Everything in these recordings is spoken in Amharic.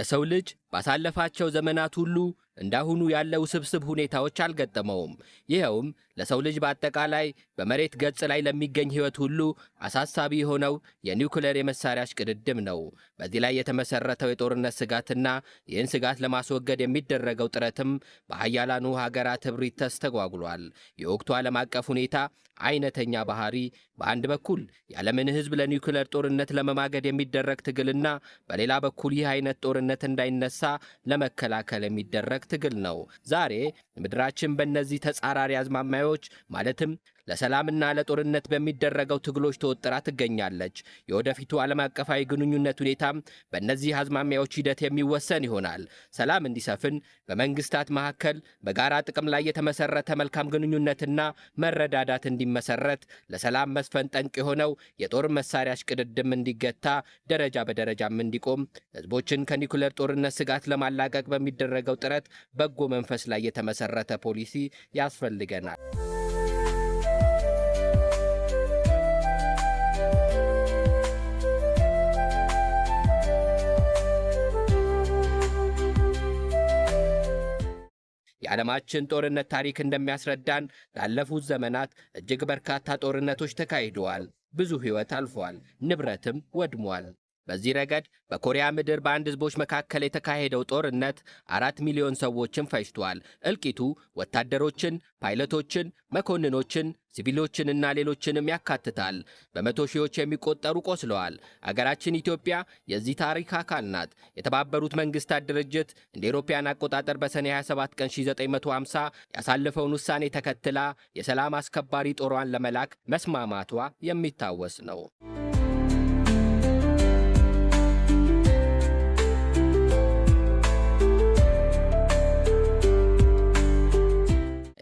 የሰው ልጅ ባሳለፋቸው ዘመናት ሁሉ እንዳሁኑ ያለ ውስብስብ ሁኔታዎች አልገጠመውም። ይኸውም ለሰው ልጅ በአጠቃላይ በመሬት ገጽ ላይ ለሚገኝ ሕይወት ሁሉ አሳሳቢ የሆነው የኒውክሌር የመሳሪያ እሽቅድድም ነው። በዚህ ላይ የተመሰረተው የጦርነት ስጋትና ይህን ስጋት ለማስወገድ የሚደረገው ጥረትም በሀያላኑ ሀገራት እብሪት ተስተጓጉሏል። የወቅቱ ዓለም አቀፍ ሁኔታ አይነተኛ ባህሪ በአንድ በኩል የዓለምን ሕዝብ ለኒውክሌር ጦርነት ለመማገድ የሚደረግ ትግልና በሌላ በኩል ይህ አይነት ጦርነት እንዳይነሳ ለመከላከል የሚደረግ ትግል ነው። ዛሬ ምድራችን በእነዚህ ተጻራሪ አዝማሚያዎች ማለትም ለሰላምና ለጦርነት በሚደረገው ትግሎች ተወጥራ ትገኛለች። የወደፊቱ ዓለም አቀፋዊ ግንኙነት ሁኔታም በእነዚህ አዝማሚያዎች ሂደት የሚወሰን ይሆናል። ሰላም እንዲሰፍን በመንግስታት መካከል በጋራ ጥቅም ላይ የተመሰረተ መልካም ግንኙነትና መረዳዳት እንዲመሰረት፣ ለሰላም መስፈን ጠንቅ የሆነው የጦር መሳሪያ እሽቅድድም እንዲገታ፣ ደረጃ በደረጃም እንዲቆም፣ ህዝቦችን ከኒኩለር ጦርነት ስጋት ለማላቀቅ በሚደረገው ጥረት በጎ መንፈስ ላይ የተመሰረተ ፖሊሲ ያስፈልገናል። የዓለማችን ጦርነት ታሪክ እንደሚያስረዳን ላለፉት ዘመናት እጅግ በርካታ ጦርነቶች ተካሂደዋል። ብዙ ሕይወት አልፏል፣ ንብረትም ወድሟል። በዚህ ረገድ በኮሪያ ምድር በአንድ ህዝቦች መካከል የተካሄደው ጦርነት አራት ሚሊዮን ሰዎችን ፈጅቷል። እልቂቱ ወታደሮችን፣ ፓይለቶችን፣ መኮንኖችን፣ ሲቪሎችንና ሌሎችንም ያካትታል። በመቶ ሺዎች የሚቆጠሩ ቆስለዋል። አገራችን ኢትዮጵያ የዚህ ታሪክ አካል ናት። የተባበሩት መንግስታት ድርጅት እንደ ኤሮፓያን አቆጣጠር በሰኔ 27 ቀን 1950 ያሳለፈውን ውሳኔ ተከትላ የሰላም አስከባሪ ጦሯን ለመላክ መስማማቷ የሚታወስ ነው።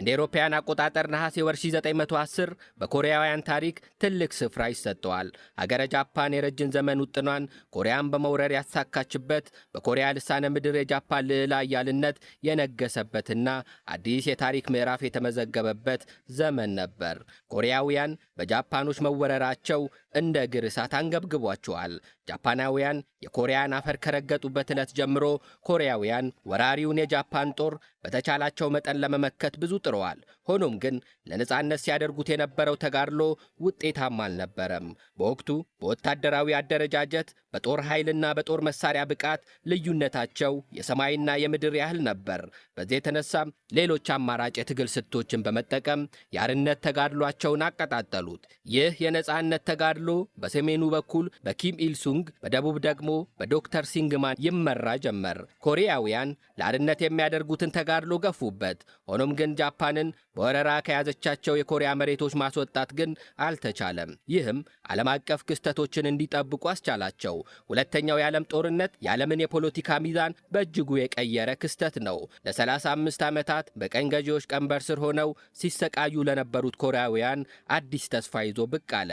እንደ ኤሮፓውያን አቆጣጠር ነሐሴ ወር 910 በኮሪያውያን ታሪክ ትልቅ ስፍራ ይሰጠዋል። አገረ ጃፓን የረጅም ዘመን ውጥኗን ኮሪያን በመውረር ያሳካችበት በኮሪያ ልሳነ ምድር የጃፓን ልዕላ ኃያልነት የነገሰበትና አዲስ የታሪክ ምዕራፍ የተመዘገበበት ዘመን ነበር። ኮሪያውያን በጃፓኖች መወረራቸው እንደ እግር እሳት አንገብግቧቸዋል። ጃፓናውያን የኮሪያን አፈር ከረገጡበት ዕለት ጀምሮ ኮሪያውያን ወራሪውን የጃፓን ጦር በተቻላቸው መጠን ለመመከት ብዙ ጥረዋል። ሆኖም ግን ለነጻነት ሲያደርጉት የነበረው ተጋድሎ ውጤታማ አልነበረም። በወቅቱ በወታደራዊ አደረጃጀት፣ በጦር ኃይልና በጦር መሳሪያ ብቃት ልዩነታቸው የሰማይና የምድር ያህል ነበር። በዚህ የተነሳም ሌሎች አማራጭ የትግል ስልቶችን በመጠቀም የአርነት ተጋድሏቸውን አቀጣጠሉት። ይህ የነጻነት ተጋድሎ በሰሜኑ በኩል በኪም ኢልሱንግ፣ በደቡብ ደግሞ በዶክተር ሲንግማን ይመራ ጀመር። ኮሪያውያን ለአርነት የሚያደርጉትን ተጋድሎ ገፉበት። ሆኖም ግን ጃፓንን ወረራ ከያዘቻቸው የኮሪያ መሬቶች ማስወጣት ግን አልተቻለም። ይህም ዓለም አቀፍ ክስተቶችን እንዲጠብቁ አስቻላቸው። ሁለተኛው የዓለም ጦርነት የዓለምን የፖለቲካ ሚዛን በእጅጉ የቀየረ ክስተት ነው። ለ35 ዓመታት በቀኝ ገዢዎች ቀንበር ስር ሆነው ሲሰቃዩ ለነበሩት ኮሪያውያን አዲስ ተስፋ ይዞ ብቅ አለ።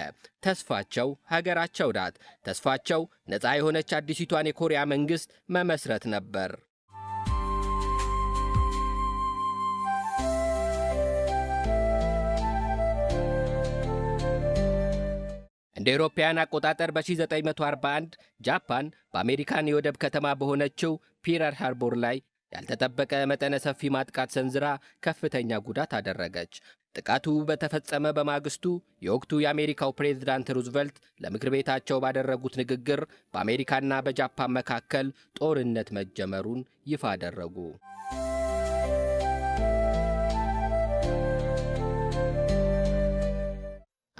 ተስፋቸው ሀገራቸው ናት። ተስፋቸው ነፃ የሆነች አዲሲቷን የኮሪያ መንግሥት መመስረት ነበር። እንደ ኤሮፓውያን አቆጣጠር በ1941 ጃፓን በአሜሪካን የወደብ ከተማ በሆነችው ፒራር ሃርቦር ላይ ያልተጠበቀ መጠነ ሰፊ ማጥቃት ሰንዝራ ከፍተኛ ጉዳት አደረገች። ጥቃቱ በተፈጸመ በማግስቱ የወቅቱ የአሜሪካው ፕሬዝዳንት ሩዝቨልት ለምክር ቤታቸው ባደረጉት ንግግር በአሜሪካና በጃፓን መካከል ጦርነት መጀመሩን ይፋ አደረጉ።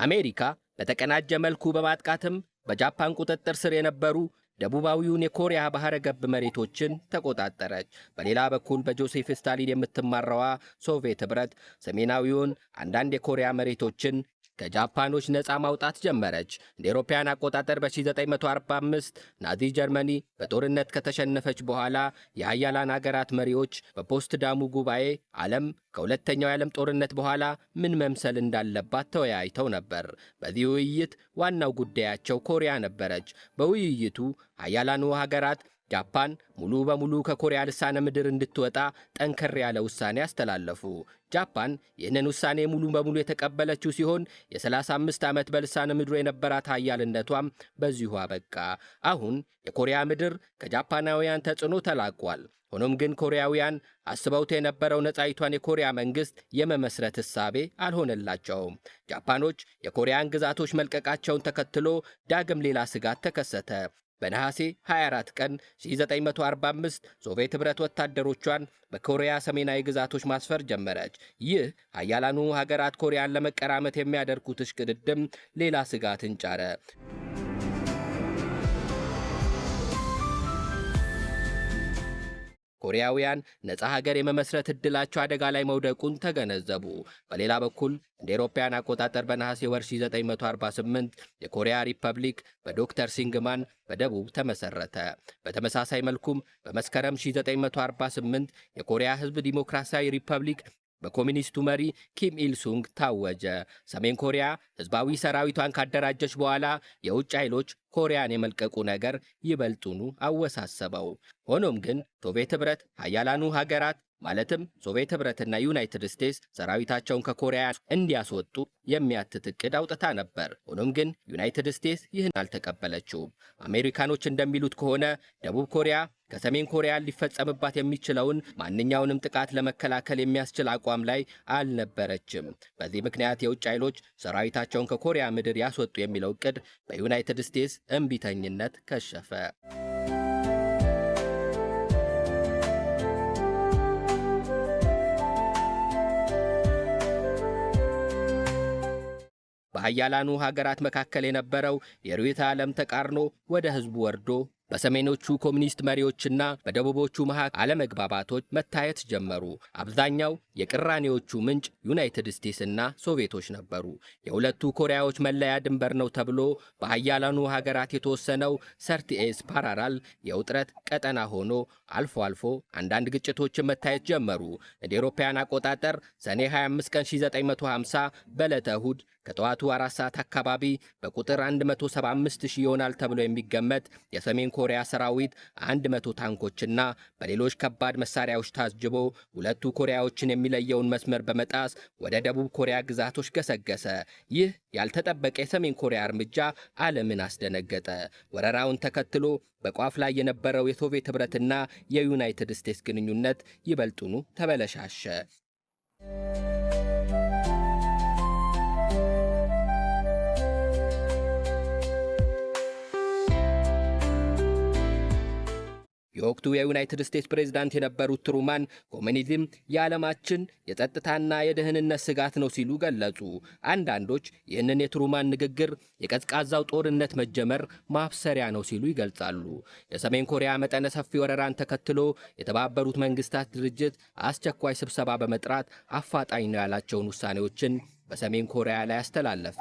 አሜሪካ በተቀናጀ መልኩ በማጥቃትም በጃፓን ቁጥጥር ስር የነበሩ ደቡባዊውን የኮሪያ ባህረ ገብ መሬቶችን ተቆጣጠረች። በሌላ በኩል በጆሴፍ ስታሊን የምትመራዋ ሶቪየት ኅብረት ሰሜናዊውን አንዳንድ የኮሪያ መሬቶችን ከጃፓኖች ነፃ ማውጣት ጀመረች። እንደ ኤሮፓያን አቆጣጠር በ1945 ናዚ ጀርመኒ በጦርነት ከተሸነፈች በኋላ የሀያላን አገራት መሪዎች በፖስትዳሙ ጉባኤ ዓለም ከሁለተኛው የዓለም ጦርነት በኋላ ምን መምሰል እንዳለባት ተወያይተው ነበር። በዚህ ውይይት ዋናው ጉዳያቸው ኮሪያ ነበረች። በውይይቱ ሀያላኑ ሀገራት ጃፓን ሙሉ በሙሉ ከኮሪያ ልሳነ ምድር እንድትወጣ ጠንከር ያለ ውሳኔ አስተላለፉ። ጃፓን ይህንን ውሳኔ ሙሉ በሙሉ የተቀበለችው ሲሆን የ35 ዓመት በልሳነ ምድሩ የነበራት ታያልነቷም በዚሁ አበቃ። አሁን የኮሪያ ምድር ከጃፓናውያን ተጽዕኖ ተላቋል። ሆኖም ግን ኮሪያውያን አስበውት የነበረው ነፃይቷን የኮሪያ መንግሥት የመመስረት እሳቤ አልሆነላቸውም። ጃፓኖች የኮሪያን ግዛቶች መልቀቃቸውን ተከትሎ ዳግም ሌላ ስጋት ተከሰተ። በነሐሴ 24 ቀን 1945 ሶቪየት ኅብረት ወታደሮቿን በኮሪያ ሰሜናዊ ግዛቶች ማስፈር ጀመረች። ይህ ኃያላኑ ሀገራት ኮሪያን ለመቀራመት የሚያደርጉት እሽቅድድም ሌላ ስጋትን ጫረ። ኮሪያውያን ነፃ ሀገር የመመስረት እድላቸው አደጋ ላይ መውደቁን ተገነዘቡ። በሌላ በኩል እንደ ኤሮፓያን አቆጣጠር በነሐሴ ወር 1948 የኮሪያ ሪፐብሊክ በዶክተር ሲንግማን በደቡብ ተመሰረተ። በተመሳሳይ መልኩም በመስከረም 1948 የኮሪያ ሕዝብ ዲሞክራሲያዊ ሪፐብሊክ በኮሚኒስቱ መሪ ኪም ኢልሱንግ ታወጀ። ሰሜን ኮሪያ ህዝባዊ ሰራዊቷን ካደራጀች በኋላ የውጭ ኃይሎች ኮሪያን የመልቀቁ ነገር ይበልጡኑ አወሳሰበው። ሆኖም ግን ሶቪየት ህብረት ኃያላኑ ሀገራት ማለትም ሶቪየት ህብረትና ዩናይትድ ስቴትስ ሰራዊታቸውን ከኮሪያ እንዲያስወጡ የሚያትት እቅድ አውጥታ ነበር። ሆኖም ግን ዩናይትድ ስቴትስ ይህን አልተቀበለችውም። አሜሪካኖች እንደሚሉት ከሆነ ደቡብ ኮሪያ ከሰሜን ኮሪያ ሊፈጸምባት የሚችለውን ማንኛውንም ጥቃት ለመከላከል የሚያስችል አቋም ላይ አልነበረችም። በዚህ ምክንያት የውጭ ኃይሎች ሰራዊታቸውን ከኮሪያ ምድር ያስወጡ የሚለው እቅድ በዩናይትድ ስቴትስ እምቢተኝነት ከሸፈ። በሀያላኑ ሀገራት መካከል የነበረው የርዕዮተ ዓለም ተቃርኖ ወደ ህዝቡ ወርዶ በሰሜኖቹ ኮሚኒስት መሪዎችና በደቡቦቹ መሀል አለመግባባቶች መታየት ጀመሩ። አብዛኛው የቅራኔዎቹ ምንጭ ዩናይትድ ስቴትስና ሶቪየቶች ነበሩ። የሁለቱ ኮሪያዎች መለያ ድንበር ነው ተብሎ በአያላኑ ሀገራት የተወሰነው ሰርቲኤስ ፓራራል የውጥረት ቀጠና ሆኖ አልፎ አልፎ አንዳንድ ግጭቶችን መታየት ጀመሩ። እንደ አውሮፓውያን አቆጣጠር ሰኔ 25 ቀን 1950 በዕለተ እሁድ ከጠዋቱ አራት ሰዓት አካባቢ በቁጥር 175 ሺህ ይሆናል ተብሎ የሚገመት የሰሜን ኮሪያ ሰራዊት 100 ታንኮችና በሌሎች ከባድ መሳሪያዎች ታጅቦ ሁለቱ ኮሪያዎችን የሚለየውን መስመር በመጣስ ወደ ደቡብ ኮሪያ ግዛቶች ገሰገሰ። ይህ ያልተጠበቀ የሰሜን ኮሪያ እርምጃ ዓለምን አስደነገጠ። ወረራውን ተከትሎ በቋፍ ላይ የነበረው የሶቪየት ኅብረትና የዩናይትድ ስቴትስ ግንኙነት ይበልጡኑ ተበለሻሸ። የወቅቱ የዩናይትድ ስቴትስ ፕሬዝዳንት የነበሩት ትሩማን ኮሚኒዝም የዓለማችን የጸጥታና የደህንነት ስጋት ነው ሲሉ ገለጹ። አንዳንዶች ይህንን የትሩማን ንግግር የቀዝቃዛው ጦርነት መጀመር ማብሰሪያ ነው ሲሉ ይገልጻሉ። የሰሜን ኮሪያ መጠነ ሰፊ ወረራን ተከትሎ የተባበሩት መንግስታት ድርጅት አስቸኳይ ስብሰባ በመጥራት አፋጣኝ ነው ያላቸውን ውሳኔዎችን በሰሜን ኮሪያ ላይ አስተላለፈ።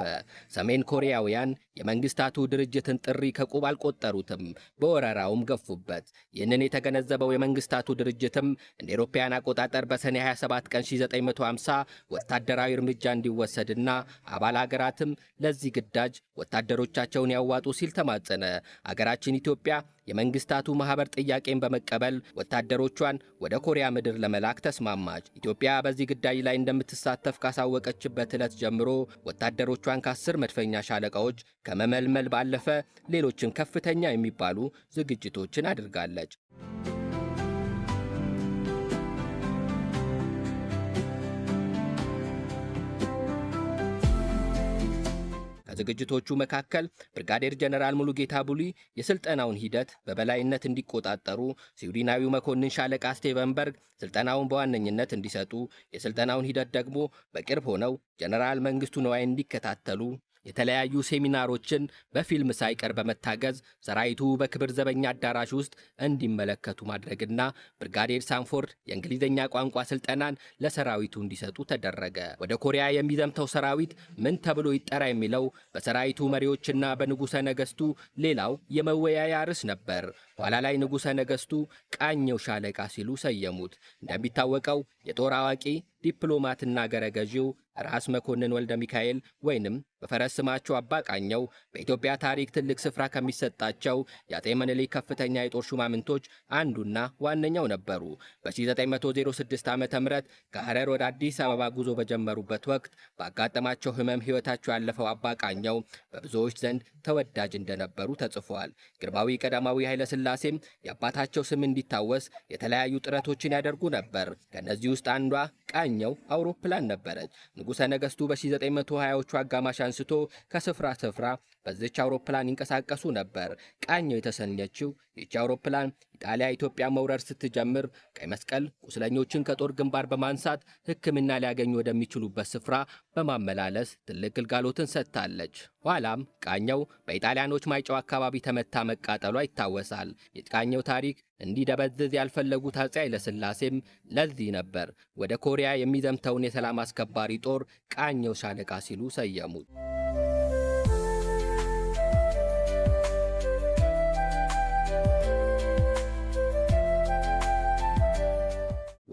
ሰሜን ኮሪያውያን የመንግስታቱ ድርጅትን ጥሪ ከቁብ አልቆጠሩትም፣ በወረራውም ገፉበት። ይህንን የተገነዘበው የመንግስታቱ ድርጅትም እንደ ኤሮፓያን አቆጣጠር በሰኔ 27 ቀን 1950 ወታደራዊ እርምጃ እንዲወሰድና አባል አገራትም ለዚህ ግዳጅ ወታደሮቻቸውን ያዋጡ ሲል ተማጸነ። አገራችን ኢትዮጵያ የመንግስታቱ ማህበር ጥያቄን በመቀበል ወታደሮቿን ወደ ኮሪያ ምድር ለመላክ ተስማማች። ኢትዮጵያ በዚህ ግዳጅ ላይ እንደምትሳተፍ ካሳወቀችበት ዕለት ጀምሮ ወታደሮቿን ከአስር መድፈኛ ሻለቃዎች ከመመልመል ባለፈ ሌሎችን ከፍተኛ የሚባሉ ዝግጅቶችን አድርጋለች። ከዝግጅቶቹ መካከል ብርጋዴር ጀነራል ሙሉጌታ ቡሊ የስልጠናውን ሂደት በበላይነት እንዲቆጣጠሩ፣ ስዊድናዊው መኮንን ሻለቃ ስቴቨንበርግ ስልጠናውን በዋነኝነት እንዲሰጡ፣ የስልጠናውን ሂደት ደግሞ በቅርብ ሆነው ጀነራል መንግስቱ ነዋይ እንዲከታተሉ የተለያዩ ሴሚናሮችን በፊልም ሳይቀር በመታገዝ ሰራዊቱ በክብር ዘበኛ አዳራሽ ውስጥ እንዲመለከቱ ማድረግና ብርጋዴር ሳንፎርድ የእንግሊዝኛ ቋንቋ ስልጠናን ለሰራዊቱ እንዲሰጡ ተደረገ። ወደ ኮሪያ የሚዘምተው ሰራዊት ምን ተብሎ ይጠራ የሚለው በሰራዊቱ መሪዎችና በንጉሠ ነገሥቱ ሌላው የመወያያ ርዕስ ነበር። ኋላ ላይ ንጉሠ ነገሥቱ ቃኘው ሻለቃ ሲሉ ሰየሙት። እንደሚታወቀው የጦር አዋቂ ዲፕሎማትና ገረገዢው ራስ መኮንን ወልደ ሚካኤል ወይንም በፈረስ ስማቸው አባቃኘው በኢትዮጵያ ታሪክ ትልቅ ስፍራ ከሚሰጣቸው የአጤ ምኒልክ ከፍተኛ የጦር ሹማምንቶች አንዱና ዋነኛው ነበሩ። በ1906 ዓ ም ከሐረር ወደ አዲስ አበባ ጉዞ በጀመሩበት ወቅት ባጋጠማቸው ህመም ህይወታቸው ያለፈው አባቃኘው በብዙዎች ዘንድ ተወዳጅ እንደነበሩ ተጽፏል። ግርማዊ ቀዳማዊ ኃይለሥላሴም የአባታቸው ስም እንዲታወስ የተለያዩ ጥረቶችን ያደርጉ ነበር። ከእነዚህ ውስጥ አንዷ ቃኝ የተሰኘው አውሮፕላን ነበረች። ንጉሠ ነገሥቱ በ1920ዎቹ አጋማሽ አንስቶ ከስፍራ ስፍራ በዚች አውሮፕላን ይንቀሳቀሱ ነበር። ቃኘው የተሰኘችው ይች አውሮፕላን ኢጣሊያ ኢትዮጵያ መውረር ስትጀምር ቀይ መስቀል ቁስለኞችን ከጦር ግንባር በማንሳት ሕክምና ሊያገኙ ወደሚችሉበት ስፍራ በማመላለስ ትልቅ ግልጋሎትን ሰጥታለች። ኋላም ቃኘው በኢጣሊያኖች ማይጨው አካባቢ ተመታ መቃጠሏ ይታወሳል። የቃኘው ታሪክ እንዲደበዝዝ ያልፈለጉት አጼ ኃይለሥላሴም ለዚህ ነበር ወደ ኮሪያ የሚዘምተውን የሰላም አስከባሪ ጦር ቃኘው ሻለቃ ሲሉ ሰየሙት።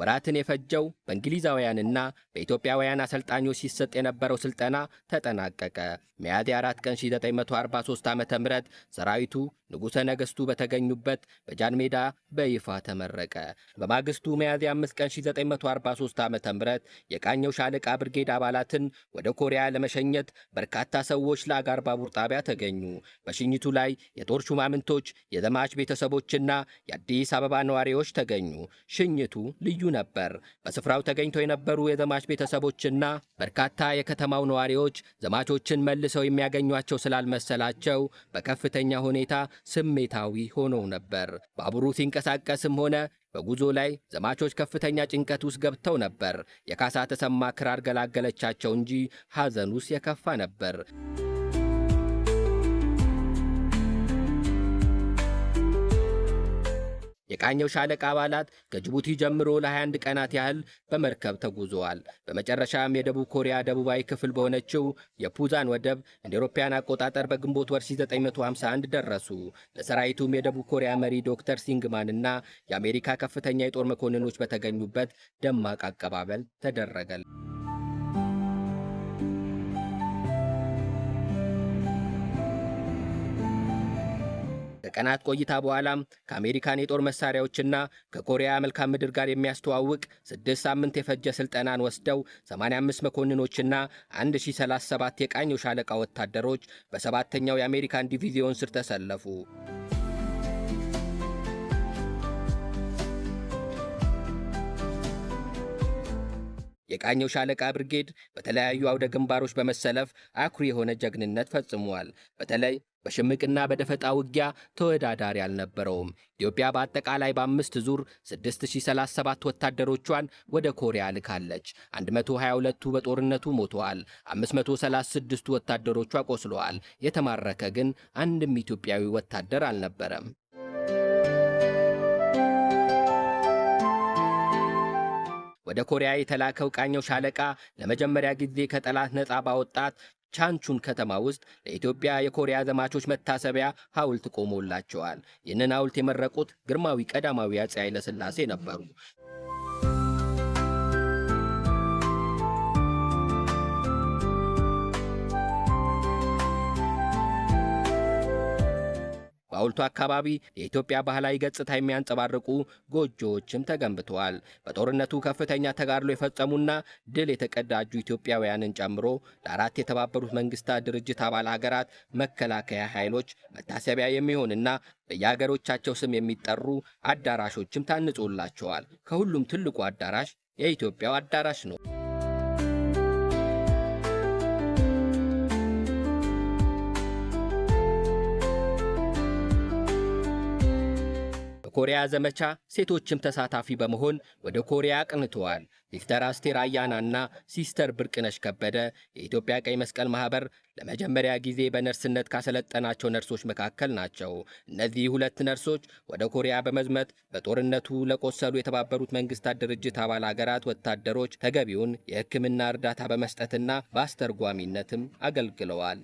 ወራትን የፈጀው በእንግሊዛውያንና በኢትዮጵያውያን አሰልጣኞች ሲሰጥ የነበረው ስልጠና ተጠናቀቀ። ሚያዝያ 4 ቀን 1943 ዓ ም ሰራዊቱ ንጉሠ ነገሥቱ በተገኙበት በጃን ሜዳ በይፋ ተመረቀ። በማግስቱ ሚያዝያ 5 ቀን 1943 ዓ ም የቃኘው ሻለቃ ብርጌድ አባላትን ወደ ኮሪያ ለመሸኘት በርካታ ሰዎች ለአጋር ባቡር ጣቢያ ተገኙ። በሽኝቱ ላይ የጦር ሹማምንቶች፣ የዘማች ቤተሰቦችና የአዲስ አበባ ነዋሪዎች ተገኙ። ሽኝቱ ልዩ ነበር። በስፍራው ተገኝተው የነበሩ የዘማች ቤተሰቦችና በርካታ የከተማው ነዋሪዎች ዘማቾችን መልሰው የሚያገኟቸው ስላልመሰላቸው በከፍተኛ ሁኔታ ስሜታዊ ሆነው ነበር። ባቡሩ ሲንቀሳቀስም ሆነ በጉዞ ላይ ዘማቾች ከፍተኛ ጭንቀት ውስጥ ገብተው ነበር። የካሳ ተሰማ ክራር ገላገለቻቸው እንጂ ሐዘን ውስጥ የከፋ ነበር። የቃኘው ሻለቃ አባላት ከጅቡቲ ጀምሮ ለ21 ቀናት ያህል በመርከብ ተጉዘዋል። በመጨረሻም የደቡብ ኮሪያ ደቡባዊ ክፍል በሆነችው የፑዛን ወደብ እንደ አውሮፓውያን አቆጣጠር በግንቦት ወር 1951 ደረሱ። ለሰራዊቱም የደቡብ ኮሪያ መሪ ዶክተር ሲንግማንና የአሜሪካ ከፍተኛ የጦር መኮንኖች በተገኙበት ደማቅ አቀባበል ተደረገል። ከቀናት ቆይታ በኋላም ከአሜሪካን የጦር መሳሪያዎችና ከኮሪያ መልካም ምድር ጋር የሚያስተዋውቅ ስድስት ሳምንት የፈጀ ስልጠናን ወስደው 85 መኮንኖችና 1037 የቃኘው ሻለቃ ወታደሮች በሰባተኛው የአሜሪካን ዲቪዚዮን ስር ተሰለፉ። የቃኘው ሻለቃ ብርጌድ በተለያዩ አውደ ግንባሮች በመሰለፍ አኩሪ የሆነ ጀግንነት ፈጽሟል። በተለይ በሽምቅና በደፈጣ ውጊያ ተወዳዳሪ አልነበረውም። ኢትዮጵያ በአጠቃላይ በአምስት ዙር 6037 ወታደሮቿን ወደ ኮሪያ ልካለች። 122ቱ በጦርነቱ ሞተዋል። 536ቱ ወታደሮቿ ቆስለዋል። የተማረከ ግን አንድም ኢትዮጵያዊ ወታደር አልነበረም። ወደ ኮሪያ የተላከው ቃኘው ሻለቃ ለመጀመሪያ ጊዜ ከጠላት ነጻ ባወጣት ቻንቹን ከተማ ውስጥ ለኢትዮጵያ የኮሪያ ዘማቾች መታሰቢያ ሐውልት ቆሞላቸዋል። ይህንን ሐውልት የመረቁት ግርማዊ ቀዳማዊ አፄ ኃይለስላሴ ነበሩ። በሐውልቱ አካባቢ የኢትዮጵያ ባህላዊ ገጽታ የሚያንጸባርቁ ጎጆዎችም ተገንብተዋል። በጦርነቱ ከፍተኛ ተጋድሎ የፈጸሙና ድል የተቀዳጁ ኢትዮጵያውያንን ጨምሮ ለአራት የተባበሩት መንግስታት ድርጅት አባል ሀገራት መከላከያ ኃይሎች መታሰቢያ የሚሆንና በየሀገሮቻቸው ስም የሚጠሩ አዳራሾችም ታንጾላቸዋል። ከሁሉም ትልቁ አዳራሽ የኢትዮጵያው አዳራሽ ነው። በኮሪያ ዘመቻ ሴቶችም ተሳታፊ በመሆን ወደ ኮሪያ አቅንተዋል። ሲስተር አስቴር አያናና ሲስተር ብርቅነሽ ከበደ የኢትዮጵያ ቀይ መስቀል ማህበር ለመጀመሪያ ጊዜ በነርስነት ካሰለጠናቸው ነርሶች መካከል ናቸው። እነዚህ ሁለት ነርሶች ወደ ኮሪያ በመዝመት በጦርነቱ ለቆሰሉ የተባበሩት መንግስታት ድርጅት አባል ሀገራት ወታደሮች ተገቢውን የሕክምና እርዳታ በመስጠትና በአስተርጓሚነትም አገልግለዋል።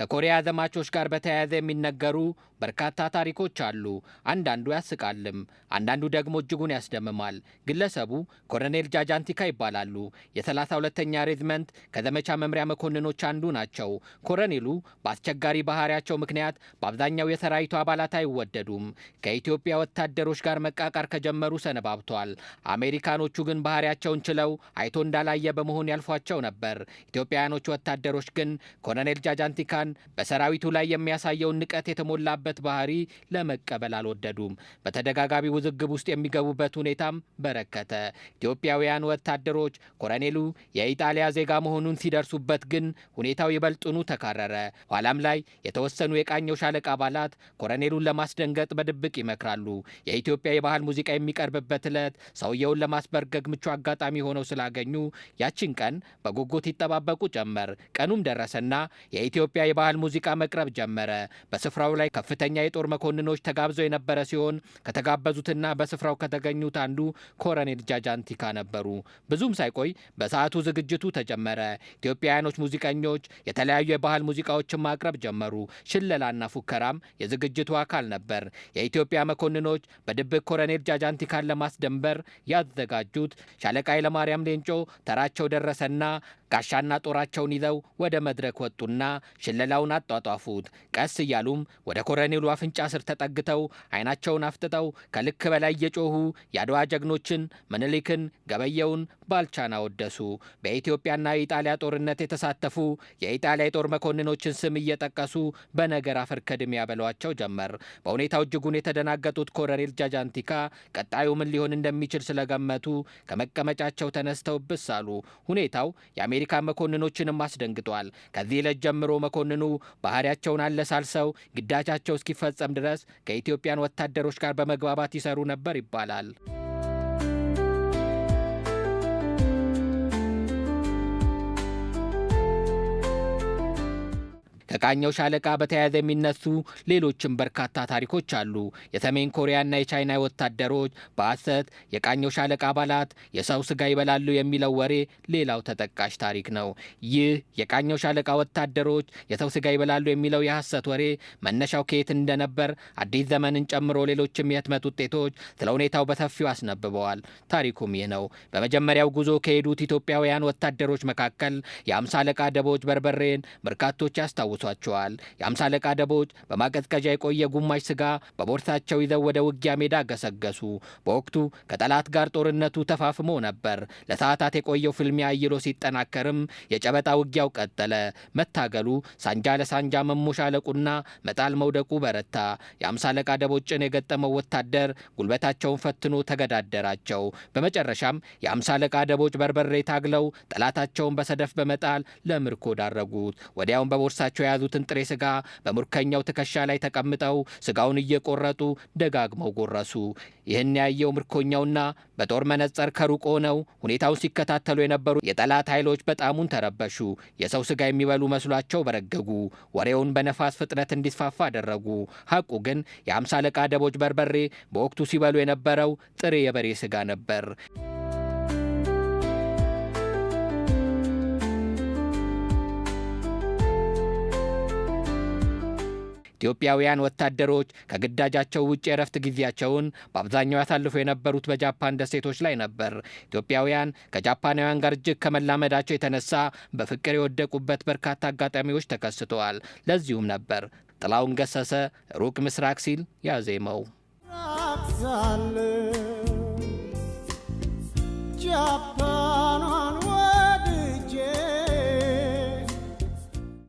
ከኮሪያ ዘማቾች ጋር በተያያዘ የሚነገሩ በርካታ ታሪኮች አሉ። አንዳንዱ ያስቃልም፣ አንዳንዱ ደግሞ እጅጉን ያስደምማል። ግለሰቡ ኮሎኔል ጃጃንቲካ ይባላሉ። የ32ተኛ ሬዝመንት ከዘመቻ መምሪያ መኮንኖች አንዱ ናቸው። ኮሎኔሉ በአስቸጋሪ ባህሪያቸው ምክንያት በአብዛኛው የሰራዊቱ አባላት አይወደዱም። ከኢትዮጵያ ወታደሮች ጋር መቃቃር ከጀመሩ ሰነባብቷል። አሜሪካኖቹ ግን ባህሪያቸውን ችለው አይቶ እንዳላየ በመሆን ያልፏቸው ነበር። ኢትዮጵያውያኖቹ ወታደሮች ግን ኮሎኔል ጃጃንቲካን ምሁራን በሰራዊቱ ላይ የሚያሳየውን ንቀት የተሞላበት ባህሪ ለመቀበል አልወደዱም። በተደጋጋሚ ውዝግብ ውስጥ የሚገቡበት ሁኔታም በረከተ። ኢትዮጵያውያን ወታደሮች ኮረኔሉ የኢጣሊያ ዜጋ መሆኑን ሲደርሱበት ግን ሁኔታው ይበልጥኑ ተካረረ። ኋላም ላይ የተወሰኑ የቃኘው ሻለቃ አባላት ኮረኔሉን ለማስደንገጥ በድብቅ ይመክራሉ። የኢትዮጵያ የባህል ሙዚቃ የሚቀርብበት ዕለት ሰውየውን ለማስበርገግ ምቹ አጋጣሚ ሆነው ስላገኙ ያችን ቀን በጉጉት ይጠባበቁ ጀመር። ቀኑም ደረሰና የኢትዮጵያ የባህል ሙዚቃ መቅረብ ጀመረ። በስፍራው ላይ ከፍተኛ የጦር መኮንኖች ተጋብዘው የነበረ ሲሆን ከተጋበዙትና በስፍራው ከተገኙት አንዱ ኮረኔል ጃጃንቲካ ነበሩ። ብዙም ሳይቆይ በሰዓቱ ዝግጅቱ ተጀመረ። ኢትዮጵያውያኖች ሙዚቀኞች የተለያዩ የባህል ሙዚቃዎችን ማቅረብ ጀመሩ። ሽለላና ፉከራም የዝግጅቱ አካል ነበር። የኢትዮጵያ መኮንኖች በድብቅ ኮረኔል ጃጃንቲካን ለማስደንበር ያዘጋጁት ሻለቃ ኃይለማርያም ሌንጮ ተራቸው ደረሰና ጋሻና ጦራቸውን ይዘው ወደ መድረክ ወጡና ሽለላውን አጧጧፉት። ቀስ እያሉም ወደ ኮረኔሉ አፍንጫ ስር ተጠግተው አይናቸውን አፍጥጠው ከልክ በላይ እየጮሁ የአድዋ ጀግኖችን ምኒልክን፣ ገበየውን፣ ባልቻን አወደሱ። በኢትዮጵያና የኢጣሊያ ጦርነት የተሳተፉ የኢጣሊያ የጦር መኮንኖችን ስም እየጠቀሱ በነገር አፈር ከድሜ ያበሏቸው ጀመር። በሁኔታው እጅጉን የተደናገጡት ኮረኔል ጃጃንቲካ ቀጣዩ ምን ሊሆን እንደሚችል ስለገመቱ ከመቀመጫቸው ተነስተው ብስ አሉ። ሁኔታው የአሜሪካ መኮንኖችንም አስደንግጧል። ከዚህ ዕለት ጀምሮ መኮንኑ ባህሪያቸውን አለሳልሰው ግዳጃቸው እስኪፈጸም ድረስ ከኢትዮጵያን ወታደሮች ጋር በመግባባት ይሰሩ ነበር ይባላል። ከቃኘው ሻለቃ በተያያዘ የሚነሱ ሌሎችም በርካታ ታሪኮች አሉ። የሰሜን ኮሪያና የቻይና ወታደሮች በሐሰት የቃኘው ሻለቃ አባላት የሰው ስጋ ይበላሉ የሚለው ወሬ ሌላው ተጠቃሽ ታሪክ ነው። ይህ የቃኘው ሻለቃ ወታደሮች የሰው ስጋ ይበላሉ የሚለው የሐሰት ወሬ መነሻው ከየት እንደነበር አዲስ ዘመንን ጨምሮ ሌሎችም የህትመት ውጤቶች ስለ ሁኔታው በሰፊው አስነብበዋል። ታሪኩም ይህ ነው። በመጀመሪያው ጉዞ ከሄዱት ኢትዮጵያውያን ወታደሮች መካከል የአምሳ አለቃ ደቦች በርበሬን በርካቶች ያስታውሳል። አጫውቷቸዋል። የአምሳ አለቃ ደቦች በማቀዝቀዣ የቆየ ጉማሽ ስጋ በቦርሳቸው ይዘው ወደ ውጊያ ሜዳ ገሰገሱ። በወቅቱ ከጠላት ጋር ጦርነቱ ተፋፍሞ ነበር። ለሰዓታት የቆየው ፍልሚያ አይሎ ሲጠናከርም የጨበጣ ውጊያው ቀጠለ። መታገሉ ሳንጃ ለሳንጃ መሞሻለቁና መጣል መውደቁ በረታ። የአምሳ አለቃ ደቦጭን የገጠመው ወታደር ጉልበታቸውን ፈትኖ ተገዳደራቸው። በመጨረሻም የአምሳ አለቃ ደቦጭ በርበሬ ታግለው ጠላታቸውን በሰደፍ በመጣል ለምርኮ ዳረጉት። ወዲያውም በቦርሳቸው የያዙትን ጥሬ ስጋ በምርኮኛው ትከሻ ላይ ተቀምጠው ስጋውን እየቆረጡ ደጋግመው ጎረሱ። ይህን ያየው ምርኮኛውና በጦር መነጸር ከሩቅ ሆነው ሁኔታውን ሲከታተሉ የነበሩ የጠላት ኃይሎች በጣሙን ተረበሹ። የሰው ስጋ የሚበሉ መስሏቸው በረገጉ። ወሬውን በነፋስ ፍጥነት እንዲስፋፋ አደረጉ። ሐቁ ግን የአምሳ አለቃ ደቦች በርበሬ በወቅቱ ሲበሉ የነበረው ጥሬ የበሬ ስጋ ነበር። ኢትዮጵያውያን ወታደሮች ከግዳጃቸው ውጭ የረፍት ጊዜያቸውን በአብዛኛው ያሳልፉ የነበሩት በጃፓን ደሴቶች ላይ ነበር። ኢትዮጵያውያን ከጃፓናውያን ጋር እጅግ ከመላመዳቸው የተነሳ በፍቅር የወደቁበት በርካታ አጋጣሚዎች ተከስተዋል። ለዚሁም ነበር ጥላውን ገሰሰ ሩቅ ምስራቅ ሲል ያዜመው። ጃፓኗ